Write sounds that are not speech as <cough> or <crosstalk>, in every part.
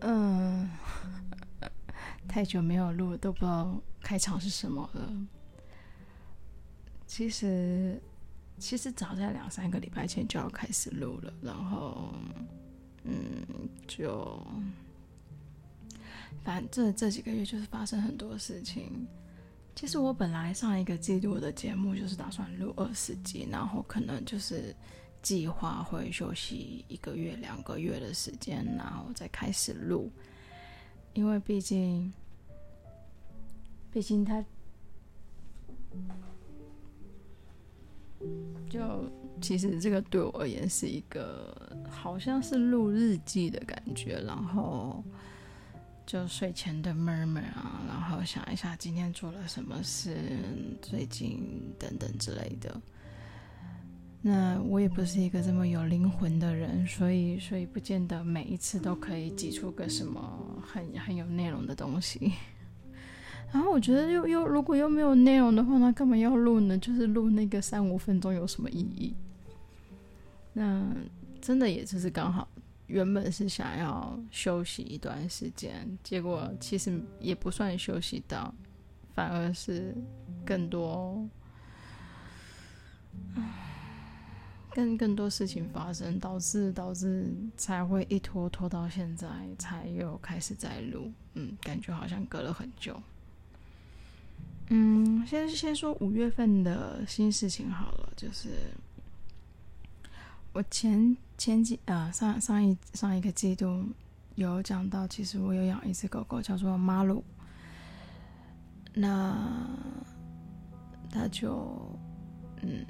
嗯，太久沒有錄，都不知道開場是什麼了。其實，其實早在兩三個禮拜前就要開始錄了，然後，嗯，就，反正這，這幾個月就是發生很多事情。其實我本來上一個季度的節目就是打算錄二十集，然後可能就是，計劃會休息一個月、兩個月的時間，然後再開始錄。因為畢竟，畢竟他，就其實這個對我而言是一個，好像是錄日記的感覺。然後，就睡前的 murmur 啊，然後想一下今天做了什麼事，最近等等之類的。那我也不是一個這麼有靈魂的人，所以所以不見得每一次都可以擠出個什麼很很有內容的東西。 <laughs> 然後我覺得又又如果又沒有內容的話，那幹嘛要錄呢？就是錄那個三五分鐘有什麼意義？那真的也就是剛好，原本是想要休息一段時間，結果其實也不算休息到，反而是更多。更更多事情發生，導致導致才會一拖拖到現在，才又開始在錄，嗯，感覺好像隔了很久。嗯，先先說五月份的新事情好了，就是我前前幾啊上上一上一個季度有講到，其實我有養一隻狗狗叫做 Maru，那它就嗯。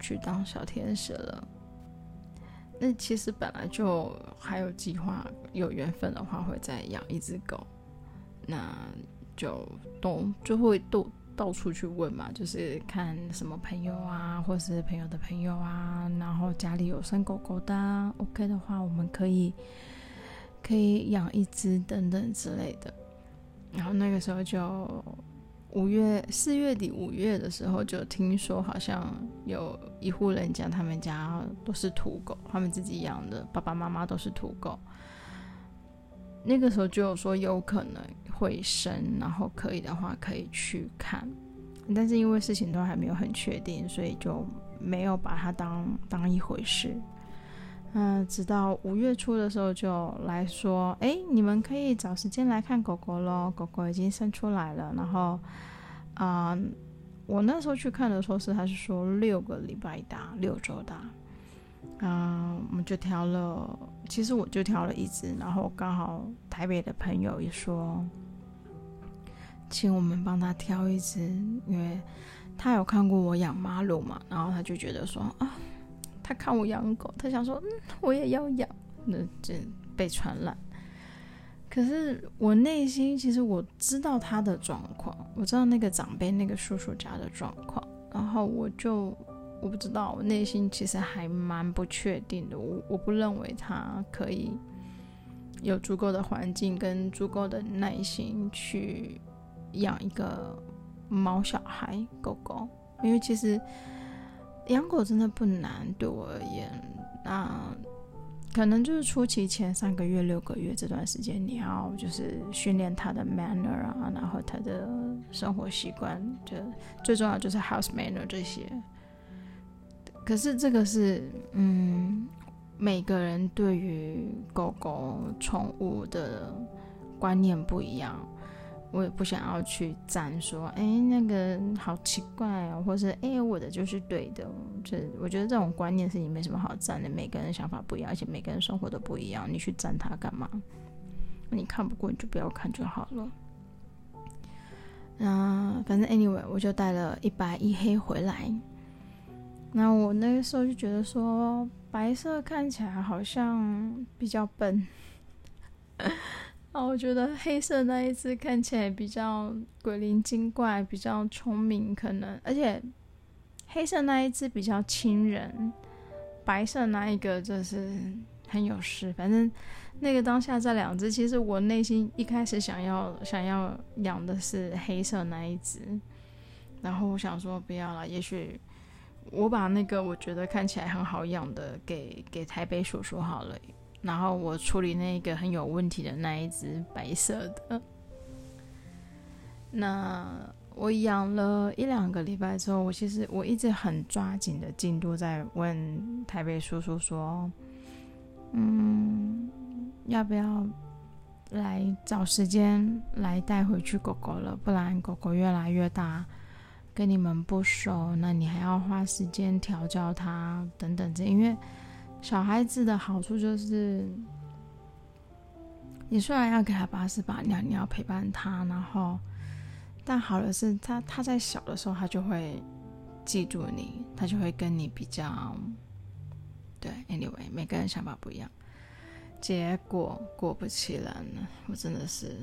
去當小天使了，那其實本來就還有計劃，有緣分的話會再養一隻狗，那就都就會都到處去問嘛，就是看什麼朋友啊，或是朋友的朋友啊，然後家裡有生狗狗的，OK 的話，我們可以可以養一隻等等之類的，然後那個時候就。五月，四月底五月的時候就聽說，好像有一戶人家，他們家都是土狗，他們自己養的，爸爸媽媽都是土狗。那個時候就有說有可能會生，然後可以的話可以去看，但是因為事情都還沒有很確定，所以就沒有把它當當一回事。嗯、呃，直到五月初的時候就來說，哎，你們可以找時間來看狗狗咯，狗狗已經生出來了。然後，啊、呃，我那時候去看的時候是他是說六個禮拜大，六周大。嗯、呃，我們就挑了，其實我就挑了一隻，然後剛好台北的朋友也說，請我們幫他挑一隻，因為他有看過我養馬路嘛，然後他就覺得說啊。他看我養狗，他想說，嗯，我也要養，那這被傳染。可是我內心其實我知道他的狀況，我知道那個長輩那個叔叔家的狀況，然後我就我不知道，我內心其實還蠻不確定的。我我不認為他可以有足夠的環境跟足夠的耐心去養一個毛小孩、狗狗，因為其實。養狗真的不難，對我而言，那、啊、可能就是初期前三個月、六個月這段時間，你要就是訓練它的 manner 啊，然後它的生活習慣，就最重要就是 house manner 這些。可是這個是，嗯，每個人對於狗狗、寵物的觀念不一樣。我也不想要去讚說，欸，那個好奇怪喔，或是欸，我的就是對的喔。就，我覺得這種觀念是你沒什麼好讚的。每個人想法不一樣，而且每個人生活都不一樣，你去讚他幹嘛？你看不過你就不要看就好了。那反正 anyway，我就帶了一白一黑回來。那我那個時候就覺得說，白色看起來好像比較笨。 <laughs> 啊，我覺得黑色那一隻看起來比較鬼靈精怪，比較聰明，可能而且黑色那一隻比較親人，白色那一個就是很有事，反正那個當下這兩隻，其實我內心一開始想要想要養的是黑色那一隻，然後我想說不要了，也許我把那個我覺得看起來很好養的給給台北鼠鼠好了。然後我處理那個很有問題的那一只白色的。那我養了一兩個禮拜之後，我其實我一直很抓緊的進度，在問台北叔叔說：“嗯，要不要來找時間來帶回去狗狗了？不然狗狗越來越大，跟你們不熟，那你還要花時間調教它等等這，因為。”小孩子的好處就是，你雖然要給他把屎把尿，你要陪伴他，然後，但好的是他他在小的時候他就會記住你，他就會跟你比較。對，anyway，每個人想法不一樣。結果果不其然了，我真的是，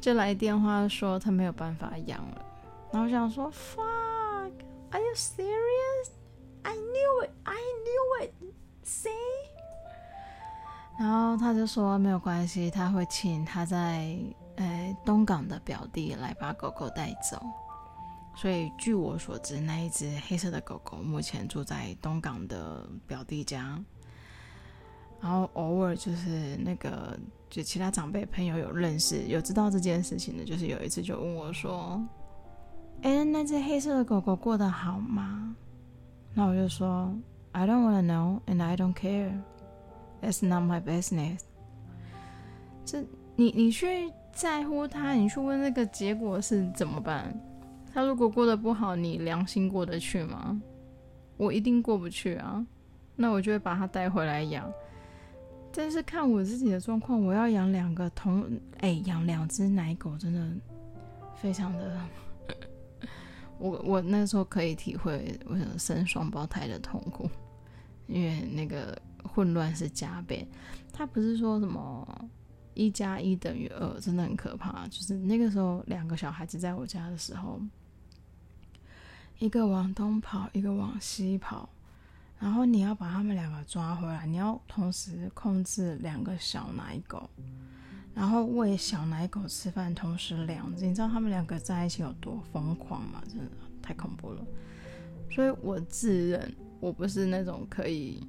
就來電話說他沒有辦法養了，然後想說 fuck，are you serious？C，然後他就說沒有關係，他會請他在誒東港的表弟來把狗狗帶走。所以據我所知，那一隻黑色的狗狗目前住在東港的表弟家。然後偶爾就是那個就其他長輩朋友有認識有知道這件事情的，就是有一次就問我說：“哎，那隻黑色的狗狗過得好嗎？”那我就說。I don't wanna know, and I don't care. That's not my business. 這你你去在乎他，你去問那個結果是怎麼辦？他如果過得不好，你良心過得去嗎？我一定過不去啊！那我就會把他帶回來養。但是看我自己的狀況，我要養兩個同，誒，養兩隻奶狗，真的非常的。我我那時候可以體會我想生雙胞胎的痛苦，因為那個混亂是加倍。他不是說什麼一加一等於二，真的很可怕。就是那個時候，兩個小孩子在我家的時候，一個往東跑，一個往西跑，然後你要把他們兩個抓回來，你要同時控制兩個小奶狗。然後餵小奶狗吃飯，同時兩隻，你知道它們兩個在一起有多瘋狂嗎？真的太恐怖了。所以我自認我不是那種可以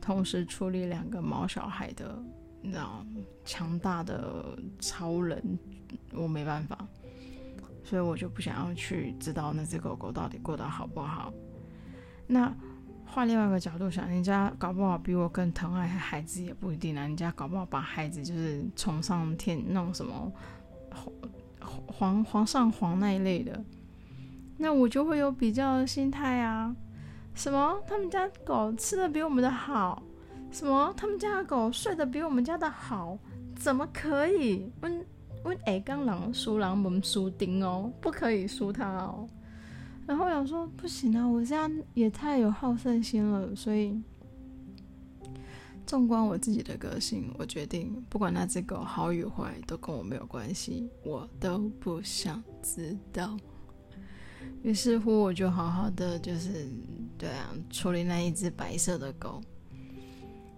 同時處理兩個毛小孩的，那種強大的超人，我沒辦法。所以我就不想要去知道那隻狗狗到底過得好不好。那。換另外一個角度想，人家搞不好比我更疼愛孩子也不一定，啊、人家搞不好把孩子就是寵上天弄什麼皇皇皇上皇那一類的，那我就會有比較心態啊。什麼他們家狗吃得比我們的好？什麼他們家的狗睡得比我們家的好？怎麼可以？問溫哎，剛狼輸狼，我們輸丁哦，不可以輸他哦。然後我想說不行啊，我這樣也太有好勝心了。所以，縱觀我自己的個性，我決定不管那隻狗好與壞，都跟我沒有關係，我都不想知道。於是乎，我就好好的，就是對啊，處理那一隻白色的狗。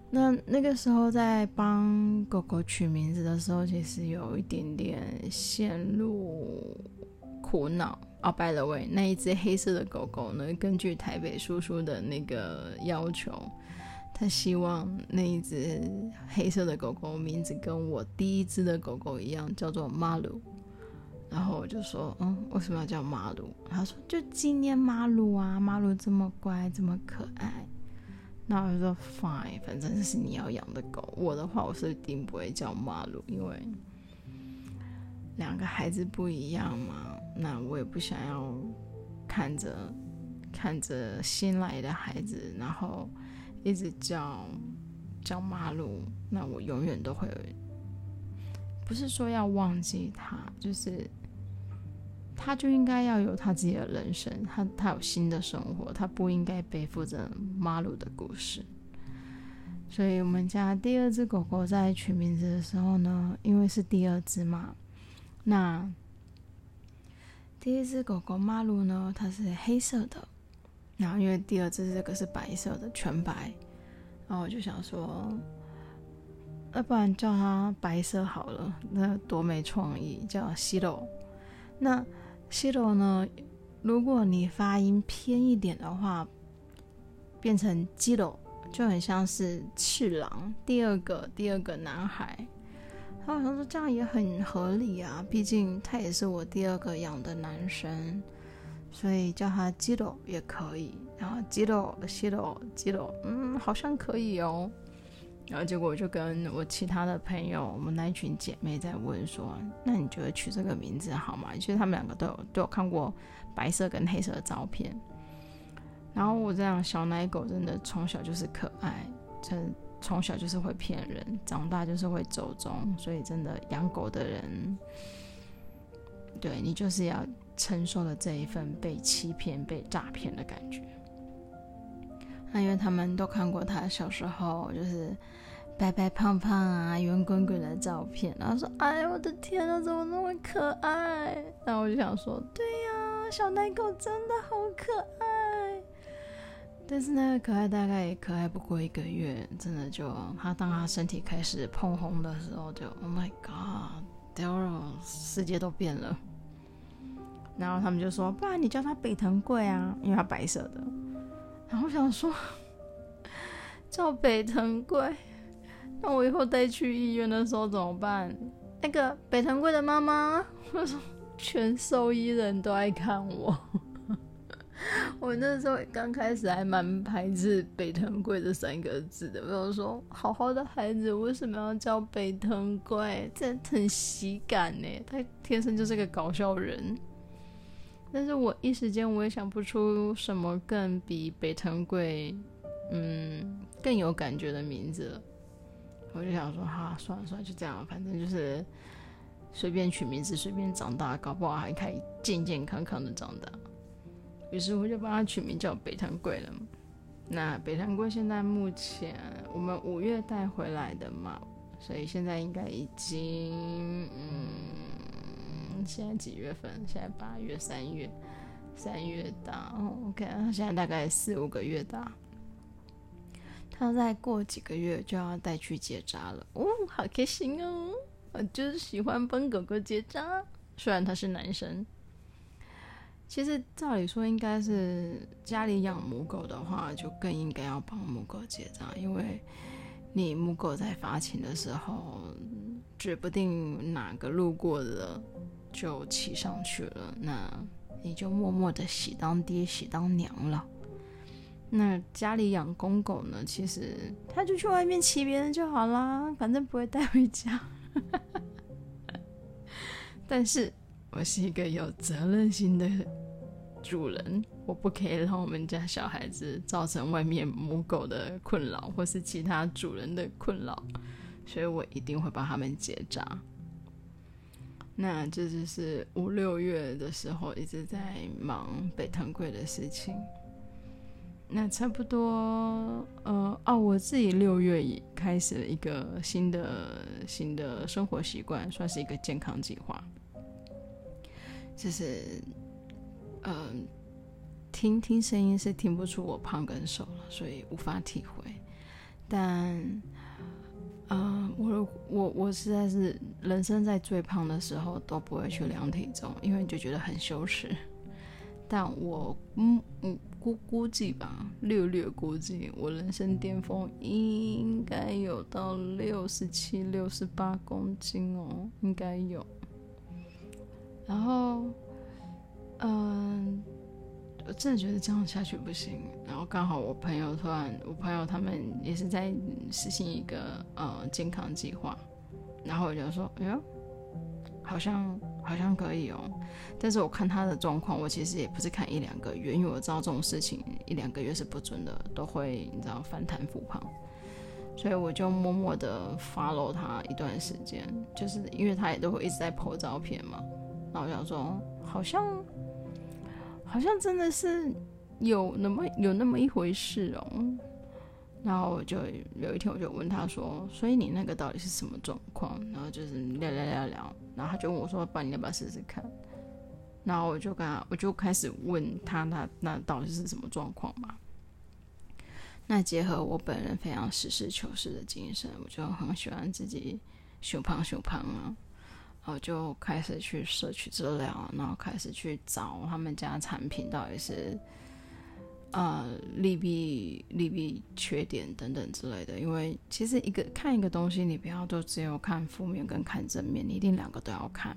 那那個時候在幫狗狗取名字的時候，其實有一點點陷入苦惱。哦，oh，by the way，那一隻黑色的狗狗呢？根據台北叔叔的那個要求，他希望那一隻黑色的狗狗名字跟我第一隻的狗狗一樣，叫做馬魯。然後我就說，嗯，為什麼要叫馬魯？他說，就紀念馬魯啊，馬魯這麼乖，這麼可愛。那我就說，fine，反正是你要養的狗，我的話我是一定不會叫馬魯，因為。兩個孩子不一樣嘛？那我也不想要看着看着新來的孩子，然後一直叫叫媽路，那我永遠都會不是說要忘記他，就是他就應該要有他自己的人生，他他有新的生活，他不應該背負着媽路的故事。所以，我們家第二隻狗狗在取名字的時候呢，因為是第二隻嘛。那第一隻狗狗馬路呢？它是黑色的，然後因為第二隻這個是白色的，全白，然後我就想說，要不然叫它白色好了，那多沒創意，叫西樓。那西樓呢？如果你發音偏一點的話，變成基樓，就很像是次郎。第二個第二個男孩。他好像說這樣也很合理啊，畢竟他也是我第二個養的男生，所以叫他 Jiro 也可以，然後 Jiro，Shiro，Jiro，嗯，好像可以哦。然後結果我就跟我其他的朋友，我們那一群姐妹在問說，那你覺得取這個名字好嗎？其實他們兩個都有都有看過白色跟黑色的照片，然後我這樣小奶狗真的從小就是可愛，真。從小就是會騙人，長大就是會走鐘，所以真的養狗的人，對你就是要承受了這一份被欺騙、被詐騙的感覺。那、啊、因為他們都看過他小時候就是白白胖胖啊、圓滾滾的照片，然後說：“哎，我的天吶、啊，怎麼那麼可愛？”然後我就想說：“對呀、啊，小奶狗真的好可愛。”但是呢，可愛大概也可愛不過一個月，真的就他當他身體開始碰紅的時候就，就 Oh my God，掉了，世界都變了。然後他們就說，不然你叫他北藤貴啊，因為他白色的。然後我想說，叫北藤貴，那我以後帶去醫院的時候怎麼辦？那個北藤貴的媽媽，我說全獸醫人都愛看我。我那時候剛開始還蠻排斥北藤貴這三個字的，我說好好的孩子為什麼要叫北藤貴？這很喜感呢，他天生就是個搞笑人。但是我一時間我也想不出什麼更比北藤貴，嗯，更有感覺的名字。我就想說，哈，算了算了，就這樣了，反正就是隨便取名字，隨便長大，搞不好還可以健健康康的長大。於是我就幫他取名叫北塘貴了嘛。那北塘貴現在目前我們五月帶回來的嘛，所以現在應該已經嗯，現在幾月份？現在八月、三月、三月大哦。我、OK，看現在大概四五個月大。它再過幾個月就要帶去結紮了。哦，好開心哦！我就是喜歡幫狗狗結紮，雖然他是男生。其實，照理說，應該是家裡養母狗的話，就更應該要幫母狗結賬，因為你母狗在發情的時候，指不定哪個路過的就騎上去了，那你就默默的喜當爹喜當娘了。那家裡養公狗呢？其實他就去外面騎別人就好啦，反正不會帶回家。 <laughs> 但是我是一個有責任心的。主人，我不可以讓我們家小孩子造成外面母狗的困擾，或是其他主人的困擾，所以我一定會幫他們結紮。那這就是五六月的時候一直在忙北藤貴的事情。那差不多，呃，哦、啊，我自己六月已開始了一個新的新的生活習慣，算是一個健康計劃，就是。嗯、呃，聽聽聲音是聽不出我胖跟瘦了，所以無法體會。但，啊、呃，我我我實在是，人生在最胖的時候都不會去量體重，因為你就覺得很羞恥。但我，嗯嗯估估計吧，略略估計，我人生巔峰應該有到六十七、六十八公斤哦，應該有。然後。嗯、呃，我真的覺得這樣下去不行。然後剛好我朋友突然，我朋友他們也是在實行一個呃健康計劃，然後我就說，哎呦，好像好像可以哦。但是我看他的狀況，我其實也不是看一兩個月，因為我知道這種事情一兩個月是不準的，都會你知道反彈復胖。所以我就默默的 follow 他一段時間，就是因為他也都會一直在 po 照片嘛，然後我想說，好像。好像真的是有那麼有那麼一回事哦，然後我就有一天我就問他說：“所以你那個到底是什麼狀況？”然後就是聊聊聊聊，然後他就問我說：“把你要不要試試看？”然後我就跟他，我就開始問他，那那到底是什麼狀況嘛？那結合我本人非常實事求是的精神，我就很喜歡自己羞胖羞胖啊。然後，呃，就開始去攝取資料，然後開始去找他們家產品到底是，呃，利弊、利弊、缺點等等之類的。因為其實一個看一個東西，你不要都只有看負面跟看正面，你一定兩個都要看。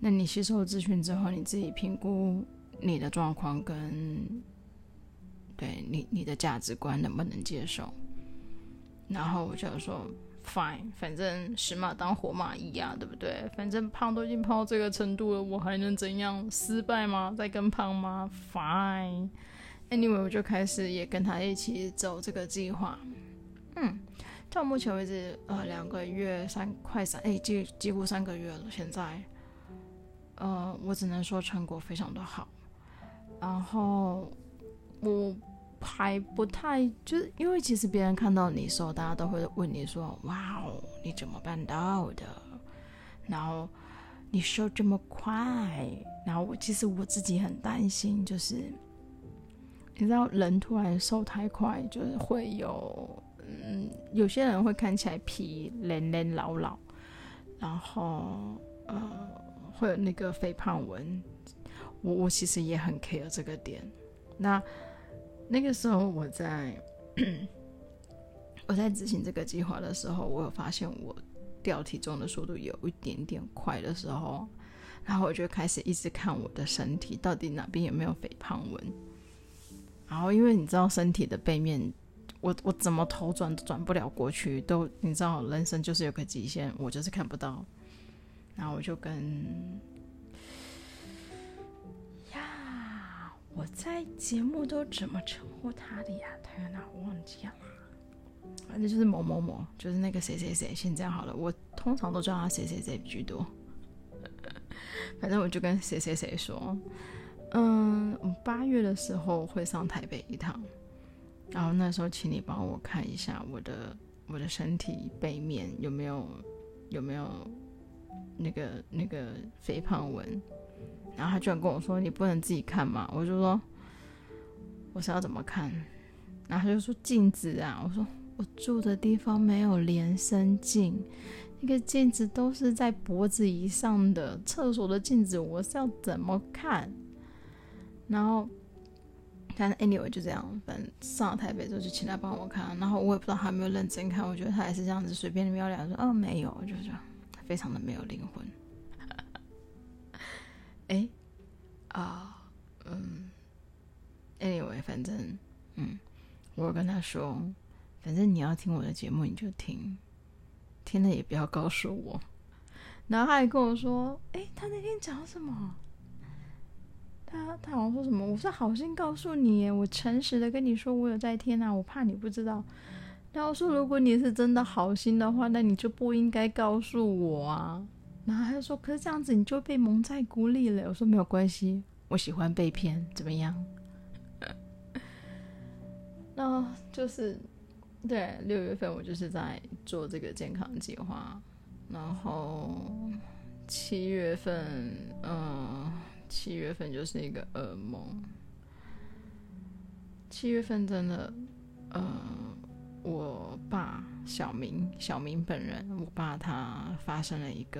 那你吸收資訊之後，你自己評估你的狀況跟，對你你的價值觀能不能接受，然後就是說。Fine，反正死馬當活馬醫啊，對不對？反正胖都已經胖到這個程度了，我還能怎樣？失敗嗎？再更胖嗎？Fine。Anyway，我就開始也跟他一起走這個計劃。嗯，到目前為止，呃，兩個月三快三，誒、欸，幾幾乎三個月了。現在，呃，我只能說成果非常的好。然後我。還不太就是因為其實別人看到你瘦，大家都會問你說：“哇哦，你怎麼辦到的？然後你瘦這麼快？”然後我其實我自己很擔心，就是你知道，人突然瘦太快，就是會有嗯，有些人會看起來皮連連老老，然後呃，會有那個肥胖紋。我我其實也很 care 這個點。那那個時候我在， <coughs> 我在執行這個計劃的時候，我有發現我掉體重的速度有一點點快的時候，然後我就開始一直看我的身體到底哪邊有沒有肥胖紋，然後因為你知道身體的背面，我我怎麼頭轉都轉不了過去，都你知道人生就是有個極限，我就是看不到，然後我就跟。我在節目都怎麼稱呼他的呀？他有哪，忘記了？反、啊、正就是某某某，就是那個誰誰誰。現在好了，我通常都叫他誰誰誰居多。 <laughs> 反正我就跟誰誰誰說，嗯，八月的時候會上台北一趟，然後那時候請你幫我看一下我的我的身體背面有沒有有沒有那個那個肥胖紋。然後他居然跟我說：“你不能自己看嘛？”我就說：“我是要怎麼看？”然後他就說：“鏡子啊！”我說：“我住的地方沒有連身鏡，那個鏡子都是在脖子以上的，廁所的鏡子我是要怎麼看？”然後但 anyway 就這樣，反正上了台北之後就請他幫我看，然後我也不知道他有沒有認真看，我覺得他還是這樣子隨便的瞄兩眼說：“哦，沒有。就這樣”就是非常的沒有靈魂。哎、欸，啊，嗯，anyway，反正，嗯，我跟他說，反正你要聽我的節目，你就聽，聽了也不要告訴我。然後他還跟我說，哎、欸，他那天講什麼？他他好像說什麼？我是好心告訴你耶，我誠實的跟你說，我有在聽啊，我怕你不知道。然後說，如果你是真的好心的話，那你就不應該告訴我啊。然後他就說：“可是這樣子你就被蒙在鼓裡了。”我說：“沒有關係，我喜歡被騙，怎麼樣？” <laughs> 那就是，對，六月份我就是在做這個健康計劃，然後七月份，嗯，七月份就是一個噩夢，七月份真的，嗯。我爸小明，小明本人，我爸他發生了一個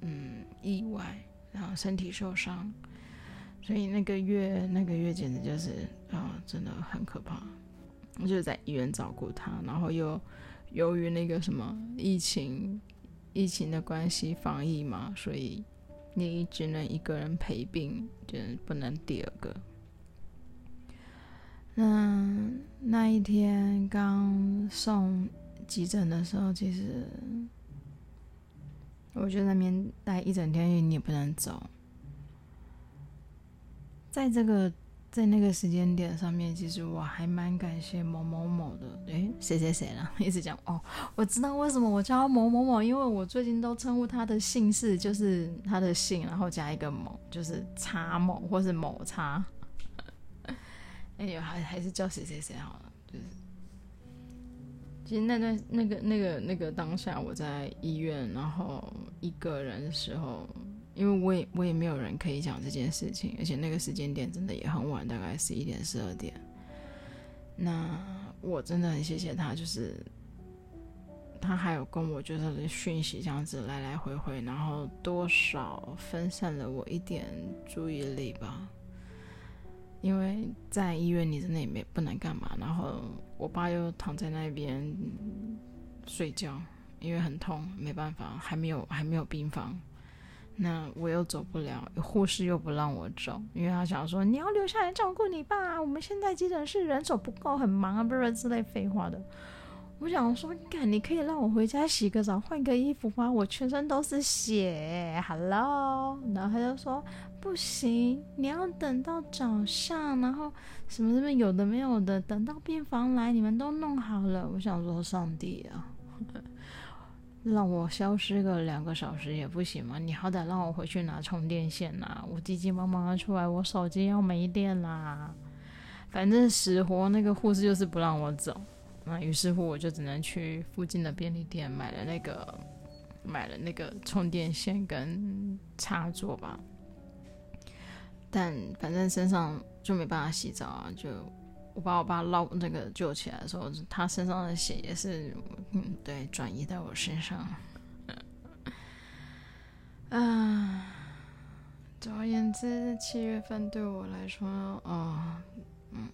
嗯意外，然後身體受傷，所以那個月那個月簡直就是啊，真的很可怕。我就在醫院照顧他，然後又由於那個什麼疫情，疫情的關係，防疫嘛，所以你只能一個人陪病，就是不能第二個。那那一天剛送急診的時候，其實我就在那邊待一整天，你也不能走。在這個在那個時間點上面，其實我還蠻感謝某某某的。誒，誰誰誰啦，一直講哦，我知道為什麼我叫某某某，因為我最近都稱呼他的姓氏，就是他的姓，然後加一個某，就是叉某或是某叉。哎呦，還還是叫誰誰誰好了，就是。其實那段那個那個那個當下，我在醫院，然後一個人的時候，因為我也我也沒有人可以講這件事情，而且那個時間點真的也很晚，大概十一點十二點。那我真的很謝謝他，就是他還有跟我就是訊息這樣子來來回回，然後多少分散了我一點注意力吧。因為在醫院，你在那裡不能幹嘛。然後我爸又躺在那邊睡覺，因為很痛，沒辦法，還沒有還沒有病房。那我又走不了，護士又不讓我走，因為他想說 <noise> 你要留下來照顧你爸，我們現在急診室人手不夠，很忙啊，不是之類廢話的。我想說，你看，你可以讓我回家洗個澡、換個衣服嗎？我全身都是血。Hello，然後他就說不行，你要等到早上，然後什麼什麼有的沒有的，等到病房來，你們都弄好了。我想說，上帝啊， <laughs> 讓我消失個兩個小時也不行嗎？你好歹讓我回去拿充電線吶、啊！我急急忙忙的出來，我手機要沒電啦。反正死活那個護士就是不讓我走。那、啊、於是乎，我就只能去附近的便利店買了那個，買了那個充電線跟插座吧。但反正身上就沒辦法洗澡啊！就我把我爸撈那個救起來的時候，他身上的血也是，嗯，對，轉移到我身上。 <laughs> 啊，總而言之，七月份對我來說，啊、哦，嗯。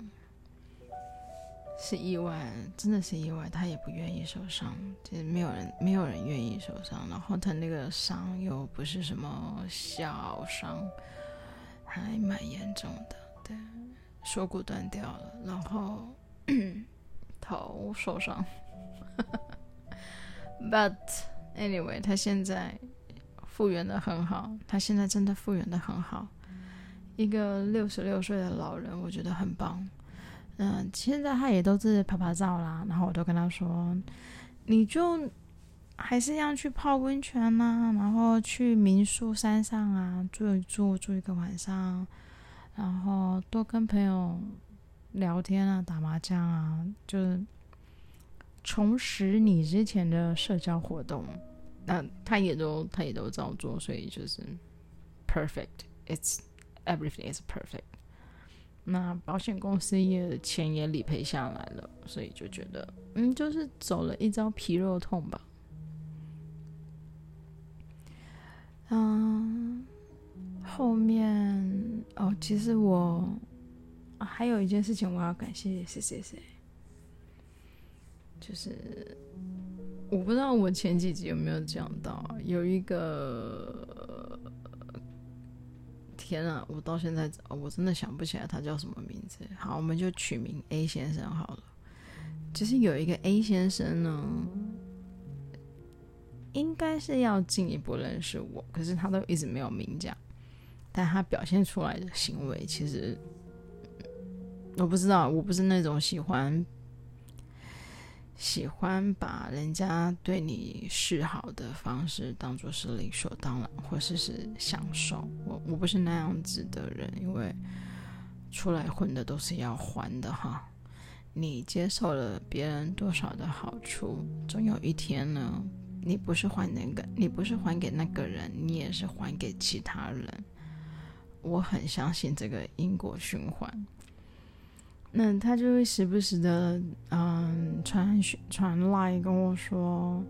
是意外，真的是意外。他也不願意受傷，就是沒有人，沒有人願意受傷。然後他那個傷又不是什麼小傷，還蠻嚴重的。對，鎖骨斷掉了，然後頭受傷。 <laughs> But anyway，他現在復原得很好。他現在真的復原得很好。一個六十六歲的老人，我覺得很棒。嗯，現在他也都是拍拍照啦，然後我就跟他說，你就還是要去泡溫泉吶啊，然後去民宿山上啊住一住，住一個晚上，然後多跟朋友聊天啊，打麻將啊，就是重拾你之前的社交活動。那他也都他也都照做，所以就是 perfect，it's everything is perfect。那保險公司也錢也理賠下來了，所以就覺得，嗯，就是走了一遭皮肉痛吧。嗯，後面哦，其實我、哦、還有一件事情我要感謝誰誰誰，就是我不知道我前幾集有沒有講到，有一個。天哪，我到現在我真的想不起來他叫什麼名字。好，我們就取名 A 先生好了。其實有一個 A 先生呢，應該是要進一步認識我，可是他都一直沒有明講。但他表現出來的行為，其實我不知道，我不是那種喜歡。喜歡把人家對你示好的方式當做是理所當然，或者是是享受。我我不是那樣子的人，因為出來混的都是要還的哈。你接受了別人多少的好處，總有一天呢，你不是還那個，你不是還給那個人，你也是還給其他人。我很相信這個因果循環。那他就會時不時的，嗯，傳傳來跟我說，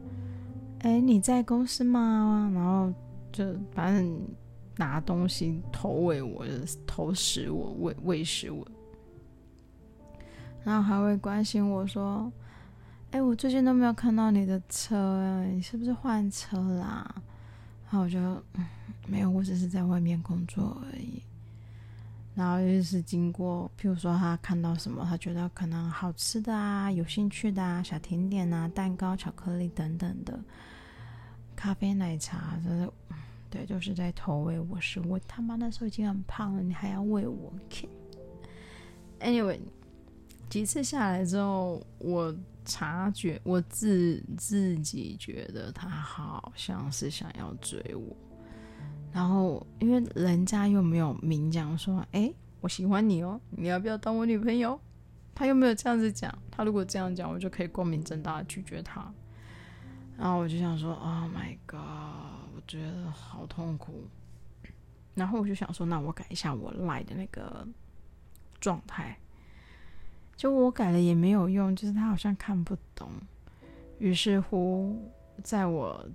哎、欸，你在公司嗎？然後就反正拿東西投餵我，投食我，喂餵食我，然後還會關心我說，哎、欸，我最近都沒有看到你的車，你是不是換車啦、啊？然後我覺得、嗯、沒有，我只是在外面工作而已。然後又是經過，比如說他看到什麼，他覺得可能好吃的啊、有興趣的啊、小甜點啊、蛋糕、巧克力等等的，咖啡、奶茶，這、就是，對，就是在投餵我食物。我他媽那時候已經很胖了，你還要餵我？看、okay，anyway，幾次下來之後，我察覺我自自己覺得他好像是想要追我。然後，因為人家又沒有明講說，哎，我喜歡你哦，你要不要當我女朋友？他又沒有這樣子講，他如果這樣講，我就可以光明正大的拒絕他。然後我就想說，Oh my god，我覺得好痛苦。然後我就想說，那我改一下我賴的那個狀態，就我改了也沒有用，就是他好像看不懂。於是乎，在我。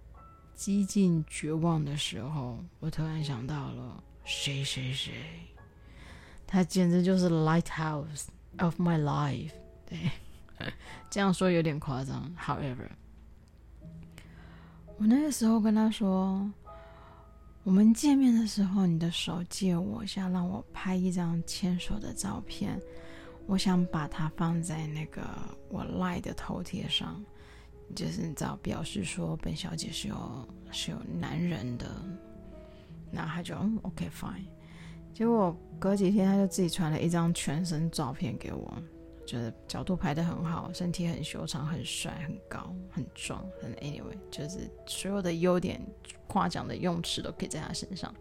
幾近絕望的時候，我突然想到了誰誰誰，他簡直就是 lighthouse of my life。對， <laughs> 這樣說有點誇張。However，我那個時候跟他說，我們見面的時候，你的手借我，想讓我拍一張牽手的照片，我想把它放在那個我賴的頭貼上。就是你知道表示說本小姐是有是有男人的，那他就嗯 OK fine，結果隔幾天他就自己傳了一張全身照片給我，覺、就、得、是、角度拍的很好，身體很修長，很帥，很高，很壯，很 anyway，就是所有的優點誇獎的用詞都可以在他身上。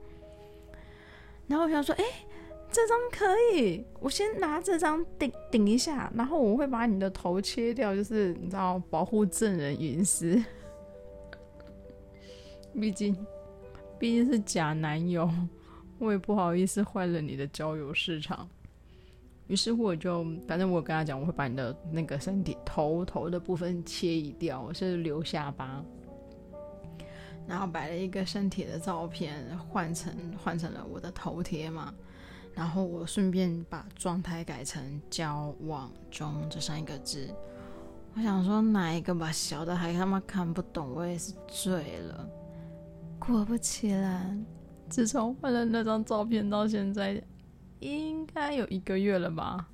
然後我想說，誒、欸。這張可以，我先拿這張頂頂一下，然後我會把你的頭切掉，就是你知道，保護證人隱私。 <laughs> 畢竟畢竟是假男友，我也不好意思壞了你的交友市場。於是乎，我就反正我跟他講，我會把你的那個身體頭頭的部分切一掉，我是留下巴。然後擺了一個身體的照片，換成換成了我的頭貼嘛。然後我順便把狀態改成“交往中”這三個字。我想說哪一個吧，小的還他媽看不懂，我也是醉了。果不其然，自從換了那張照片到現在，應該有一個月了吧？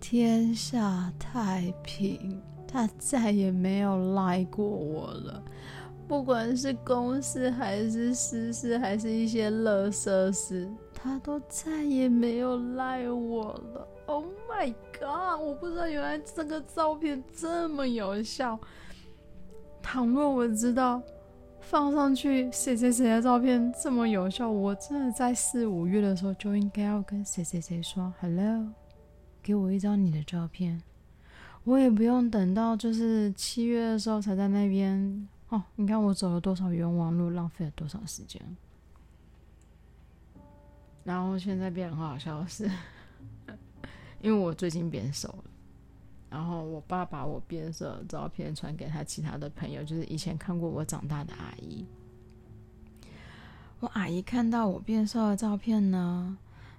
天下太平，他再也沒有賴過我了。不管是公事還是私事，還是一些垃圾事。他都再也沒有賴我了。Oh my god！我不知道原來這個照片這麼有效。倘若我知道放上去誰誰誰的照片這麼有效，我真的在四五月的時候就應該要跟誰誰誰說 hello，給我一張你的照片，我也不用等到就是七月的時候才在那邊。哦，你看我走了多少冤枉路，浪費了多少時間。然後現在變很好笑，是因為我最近變瘦了，然後我爸把我變瘦的照片傳給他其他的朋友，就是以前看過我長大的阿姨。我阿姨看到我變瘦的照片呢，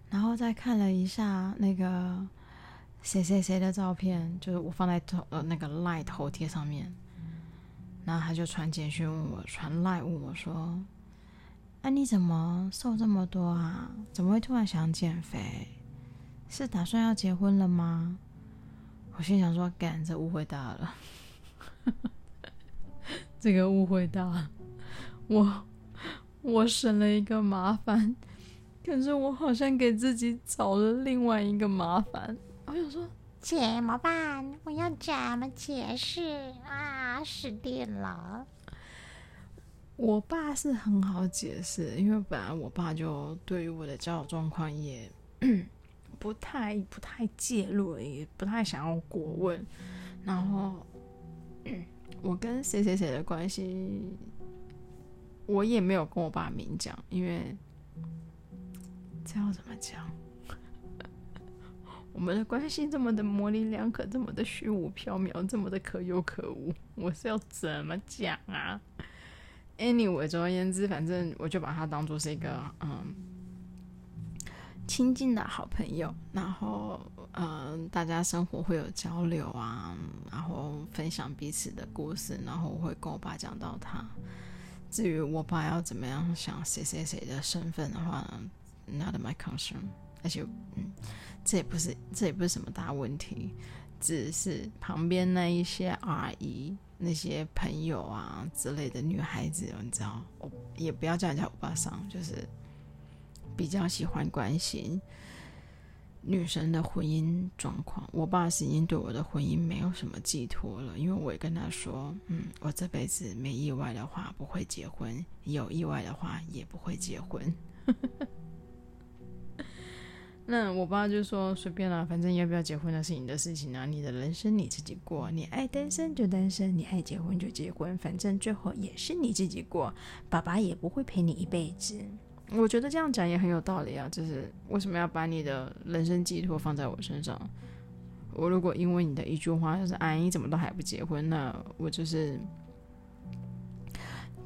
然後再看了一下那個誰誰誰的照片，就是我放在頭，呃，那個賴頭貼上面，然後他就傳簡訊問我，傳賴問我說，那、啊、你怎麼瘦這麼多啊？怎麼會突然想減肥？是打算要結婚了嗎？我心想說，幹，這誤會大了， <laughs> <laughs> 這個誤會大。我我省了一個麻煩，可是我好像給自己找了另外一個麻煩。我想說，怎麼辦？我要怎麼解釋啊？死定了。我爸是很好解釋，因為本來我爸就對於我的交友狀況也、嗯、不太、不太介入也，也不太想要過問。然後、嗯、我跟誰誰誰的關係，我也沒有跟我爸明講，因為這樣要怎麼講？ <laughs> 我們的關係這麼的模稜兩可，這麼的虛無縹緲，這麼的可有可無，我是要怎麼講啊？anyway，總而言之，反正我就把他當做是一個嗯，親近的好朋友，然後嗯，大家生活會有交流啊，然後分享彼此的故事，然後我會跟我爸講到他。至於我爸要怎麼樣想誰誰誰的身份的話呢，not my concern，而且嗯，這也不是這也不是什麼大問題，只是旁邊那一些而已。那些朋友啊之類的女孩子，你知道。我也不要站在我爸上，就是比較喜歡關心女生的婚姻狀況。我爸是已經對我的婚姻沒有什麼寄託了，因為我也跟他說，嗯，我這輩子沒意外的話不會結婚，有意外的話也不會結婚。 <laughs> 那我爸就說隨便啦、啊，反正要不要結婚，那是你的事情啊，你的人生你自己過，你愛單身就單身，你愛結婚就結婚，反正最後也是你自己過，爸爸也不會陪你一輩子。我覺得這樣講也很有道理啊，就是為什麼要把你的人生寄托放在我身上？我如果因為你的一句話，就是阿姨、哎、你怎麼都還不結婚，那我就是。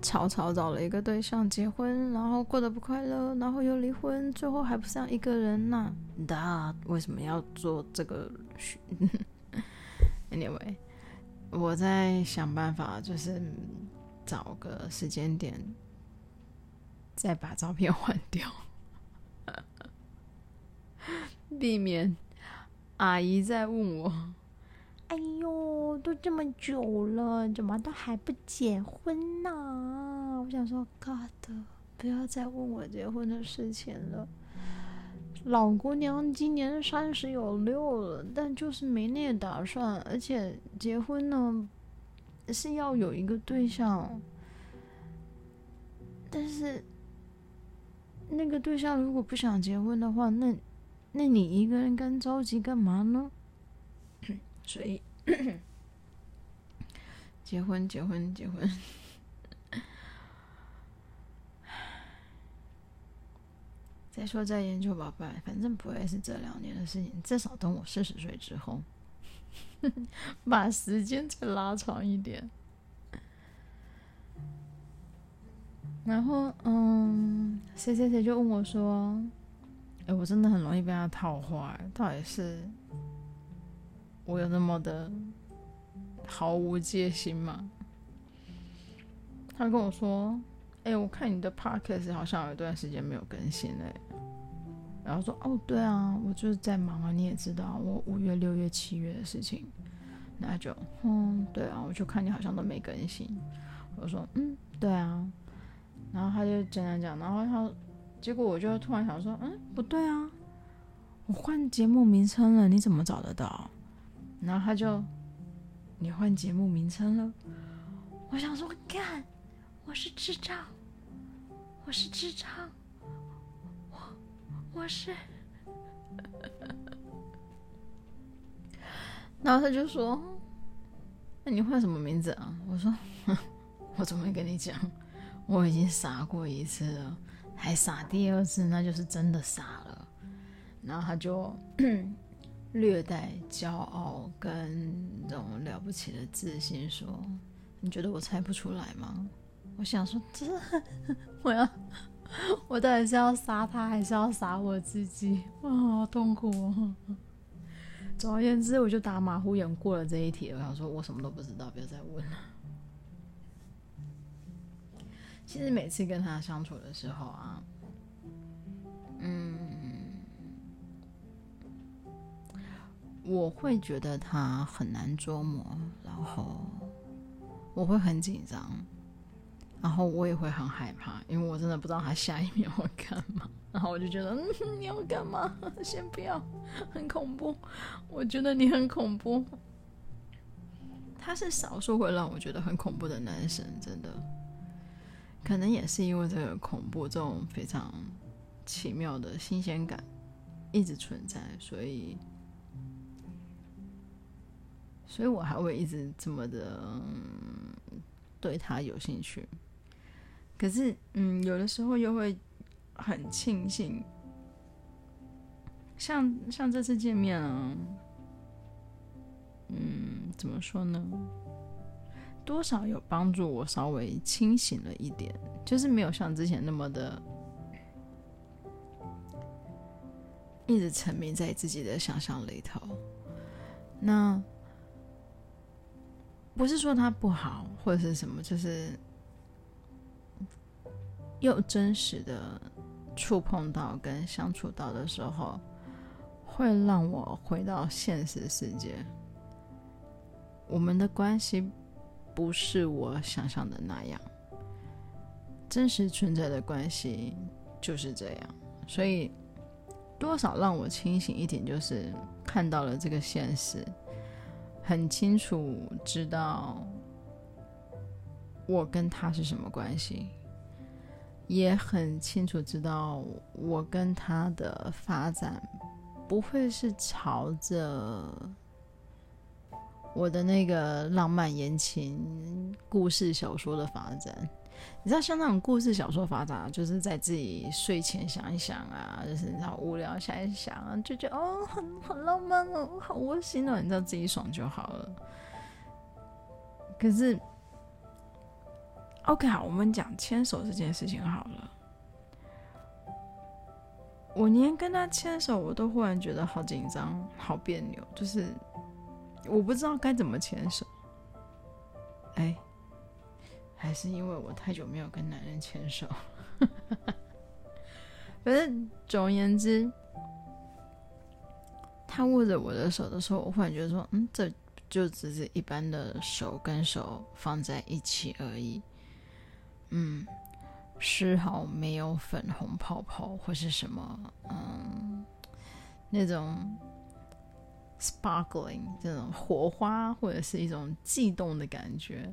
草草找了一個對象結婚，然後過得不快樂，然後又離婚，最後還不是一個人呐、啊。那為什麼要做這個 <laughs> ？Anyway，我在想辦法，就是找個時間點，再把照片換掉， <laughs> 避免阿姨再問我。哎呦，都這麼久了，怎麼都還不結婚呢？我想說，God，不要再問我結婚的事情了。老姑娘今年三十有六了，但就是沒那個打算。而且結婚呢，是要有一個對象。但是，那個對象如果不想結婚的話，那，那你一個人乾着急幹嘛呢？所以， <coughs> 結婚，結婚，結婚。 <laughs> 再說再研究吧，反正不會是這兩年的事情，至少等我四十歲之後， <laughs> 把時間再拉長一點。 <laughs> 然後，嗯，誰誰誰就問我說：“哎，我真的很容易被他套話，到底是？”我有那麼的毫無戒心嗎？他跟我說：“哎、欸，我看你的 podcast 好像有一段時間沒有更新嘞、欸。”然後說：“哦，對啊，我就是在忙啊，你也知道我五月、六月、七月的事情。”那就，嗯，對啊，我就看你好像都沒更新。我說：“嗯，對啊。”然後他就這樣講，然後他結果我就突然想說：“嗯，不對啊，我換節目名稱了，你怎麼找得到？”然後他就，你換節目名稱了？嗯、我想說，幹，我是智障，我是智障，我我是， <laughs> 然後他就說，那你換什麼名字啊？我說，我怎麼跟你講？我已經傻過一次了，還傻第二次，那就是真的傻了。然後他就。略帶驕傲跟那種了不起的自信說：“你覺得我猜不出來嗎？”我想說：“這，我要，我到底是要殺他還是要殺我自己？”哇、啊，好痛苦哦、喔！總而言之，我就打馬虎眼過了這一題。我想說，我什麼都不知道，不要再問了。其實每次跟他相處的時候啊，嗯。我會覺得他很難捉摸，然後我會很緊張，然後我也會很害怕，因為我真的不知道他下一秒會幹嘛。然後我就覺得，嗯，你要幹嘛？先不要，很恐怖。我覺得你很恐怖。他是少數會讓我覺得很恐怖的男生，真的。可能也是因為這個恐怖，這種非常奇妙的新鮮感一直存在，所以。所以我還會一直這麼的對他有興趣，可是，嗯，有的時候又會很慶幸，像像這次見面啊、哦，嗯，怎麼說呢？多少有幫助我稍微清醒了一點，就是沒有像之前那麼的，一直沉迷在自己的想象裡頭，那。不是說他不好或者是什麼，就是又真實的觸碰到跟相處到的時候，會讓我回到現實世界。我們的關係不是我想象的那樣，真實存在的關係就是這樣，所以多少讓我清醒一點，就是看到了這個現實。很清楚知道我跟他是什麼關係，也很清楚知道我跟他的發展不會是朝着我的那個浪漫言情故事小說的發展。你知道像那種故事小說發達，就是在自己睡前想一想啊，就是你知道無聊想一想，啊，就覺哦，很很浪漫哦，好窩心哦，你知道自己爽就好了。可是，OK，啊，我們講牽手這件事情好了。我連跟他牽手，我都忽然覺得好緊張、好彆扭，就是我不知道該怎麼牽手。哎、欸。還是因為我太久沒有跟男人牽手，反 <laughs> 正總而言之，他握着我的手的時候，我忽然覺得說，嗯，這就只是一般的手跟手放在一起而已，嗯，絲毫沒有粉紅泡泡或是什麼，嗯，那種 sparkling 這種火花或者是一種悸動的感覺。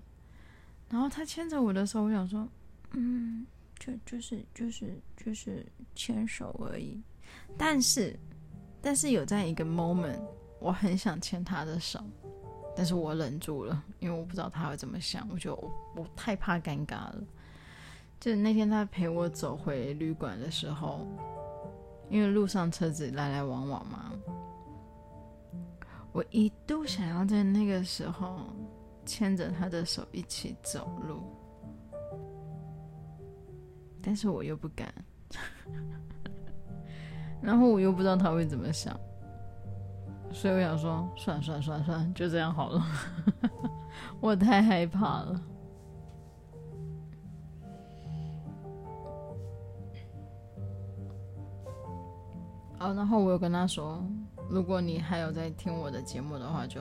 然後他牽着我的時候，我想說，嗯，就就是就是就是牽手而已。但是，但是有在一個 moment，我很想牽他的手，但是我忍住了，因為我不知道他會怎麼想，我就我，我太怕尷尬了。就那天他陪我走回旅館的時候，因為路上車子來來往往嘛，我一度想要在那個時候。牽着他的手一起走路，但是我又不敢， <laughs> 然後我又不知道他會怎麼想，所以我想說，算了算了算了算了，就這樣好了， <laughs> 我太害怕了。啊，然後我又跟他說，如果你還有在聽我的節目的話，就。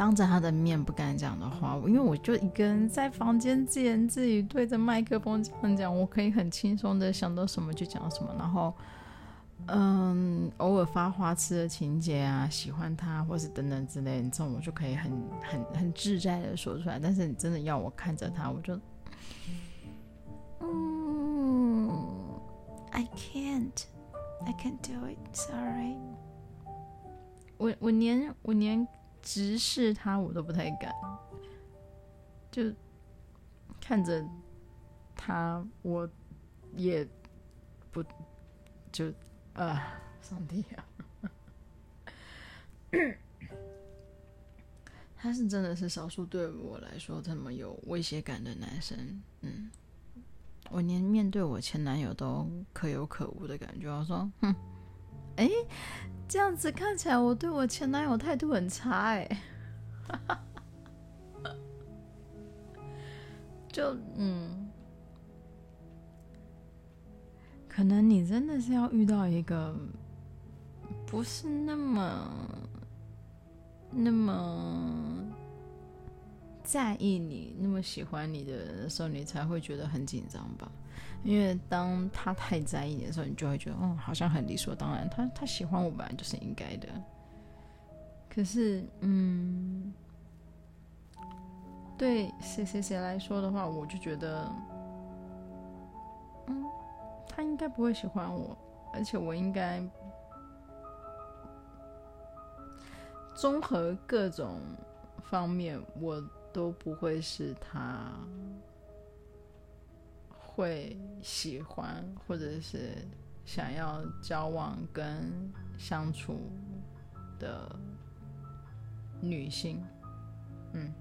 當着他的面不敢講的話，因為我就一個人在房間自言自語，對着麥克風這樣講，我可以很輕鬆的想到什麼就講什麼。然後，嗯，偶爾發花痴的情節啊，喜歡他或是等等之類，這種我就可以很很很自在的說出來。但是你真的要我看着他，我就，嗯，I can't，I can't do it，sorry。我我年我年。我年直視他，我都不太敢。就看着他，我也不就啊、呃！上帝啊！ <coughs> 他是真的是少數對我來說這麼有威脅感的男生。嗯，我連面對我前男友都可有可無的感覺。我說，哼。哎，這樣子看起來我對我前男友態度很差哎、欸， <laughs> 就嗯，可能你真的是要遇到一個不是那麼那麼在意你，那麼喜歡你的人的時候，你才會覺得很緊張吧。因為當他太在意你的時候，你就會覺得，哦，好像很理所當然他，他他喜歡我本來就是應該的。可是，嗯，對誰誰誰來說的話，我就覺得，嗯，他應該不會喜歡我，而且我應該綜合各種方面，我都不會是他。會喜歡或者是想要交往跟相處的女性，嗯，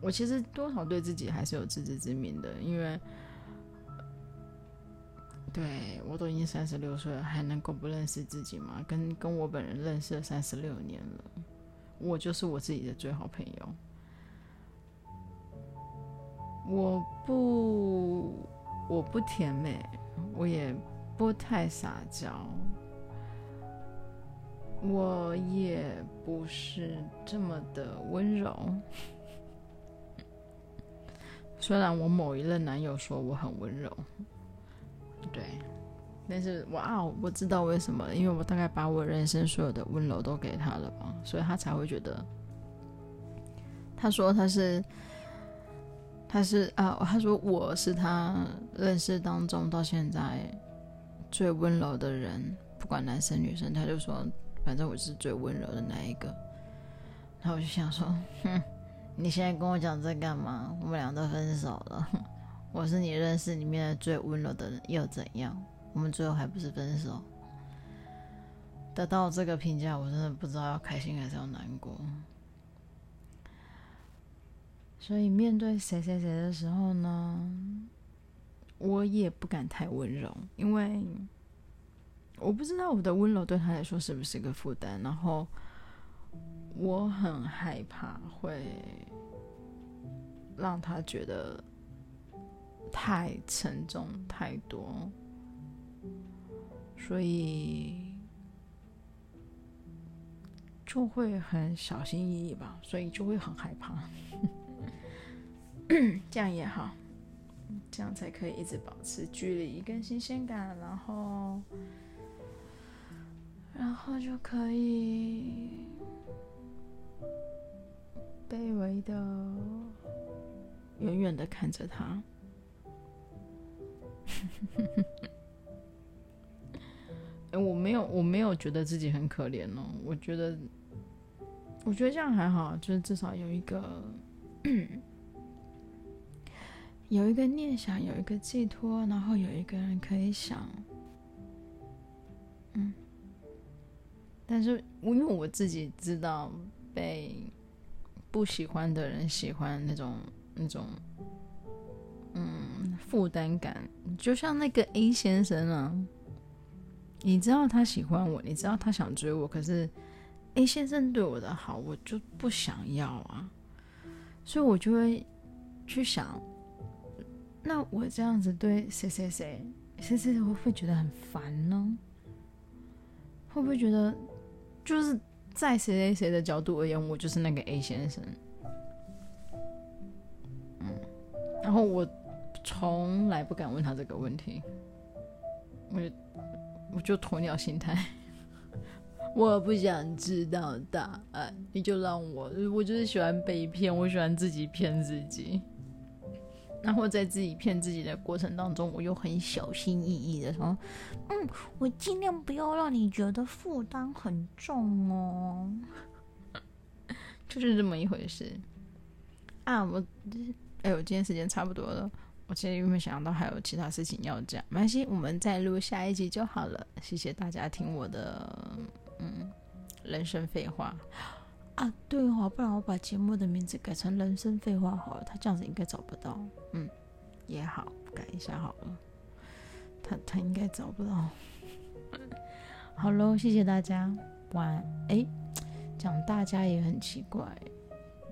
我其實多少對自己還是有自知之明的，因為對我都已經三十六歲了，還能夠不認識自己嗎？跟跟我本人認識了三十六年了，我就是我自己的最好朋友。我不，我不甜美，我也不太撒嬌，我也不是這麼的溫柔。 <laughs> 雖然我某一任男友說我很溫柔，對，但是哇，我知道為什麼，因為我大概把我人生所有的溫柔都給他了吧，所以他才會覺得，他說他是。他是啊，他說我是他認識當中到現在最溫柔的人，不管男生女生，他就說反正我是最溫柔的那一個。然後我就想說，哼，你現在跟我講這幹嘛？我們倆都分手了，哼，我是你認識裡面最溫柔的人又怎樣？我們最後還不是分手。得到這個評價，我真的不知道要開心還是要難過。所以面對誰誰誰的時候呢，我也不敢太溫柔，因為我不知道我的溫柔對他來說是不是一個負擔。然後我很害怕會讓他覺得太沉重太多，所以就會很小心翼翼吧，所以就會很害怕。 <laughs> <coughs> 這樣也好，這樣才可以一直保持距離跟新鮮感，然後，然後就可以卑微的遠遠的看着他。 <laughs> 我沒有，我沒有覺得自己很可憐哦。我覺得，我覺得這樣還好，就是至少有一個。 <coughs> 有一個念想，有一個寄托，然後有一個人可以想，嗯。但是，因為我自己知道被不喜歡的人喜歡那種那種，嗯，負擔感。就像那個 A 先生啊，你知道他喜歡我，你知道他想追我，可是 A 先生對我的好，我就不想要啊，所以我就會去想。那我這樣子對誰誰誰誰誰會不會覺得很煩呢？會不會覺得就是在誰誰誰的角度而言，我就是那個 A 先生？嗯，然後我從來不敢問他這個問題，我就我就鴕鳥心態， <laughs> 我不想知道答案，你就讓我，我就是喜歡被騙，我喜歡自己騙自己。然後在自己騙自己的過程當中，我又很小心翼翼的說：“嗯，我盡量不要讓你覺得負擔很重哦， <laughs> 就是這麼一回事。”啊，我，哎、欸，我今天時間差不多了，我現在又沒想到還有其他事情要講。沒關係，我們再錄下一集就好了。謝謝大家聽我的，嗯，人生廢話。啊，對哦，不然我把節目的名字改成《人生廢話》好了，他這樣子應該找不到。嗯，也好，改一下好了。他他應該找不到。 <laughs> 好嘍，謝謝大家，晚安。誒，講大家也很奇怪，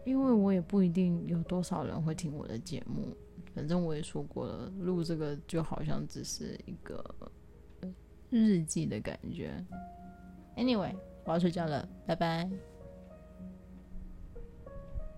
因為我也不一定有多少人會聽我的節目。反正我也說過了，錄這個就好像只是一個日記的感覺。Anyway，我要睡覺了，拜拜。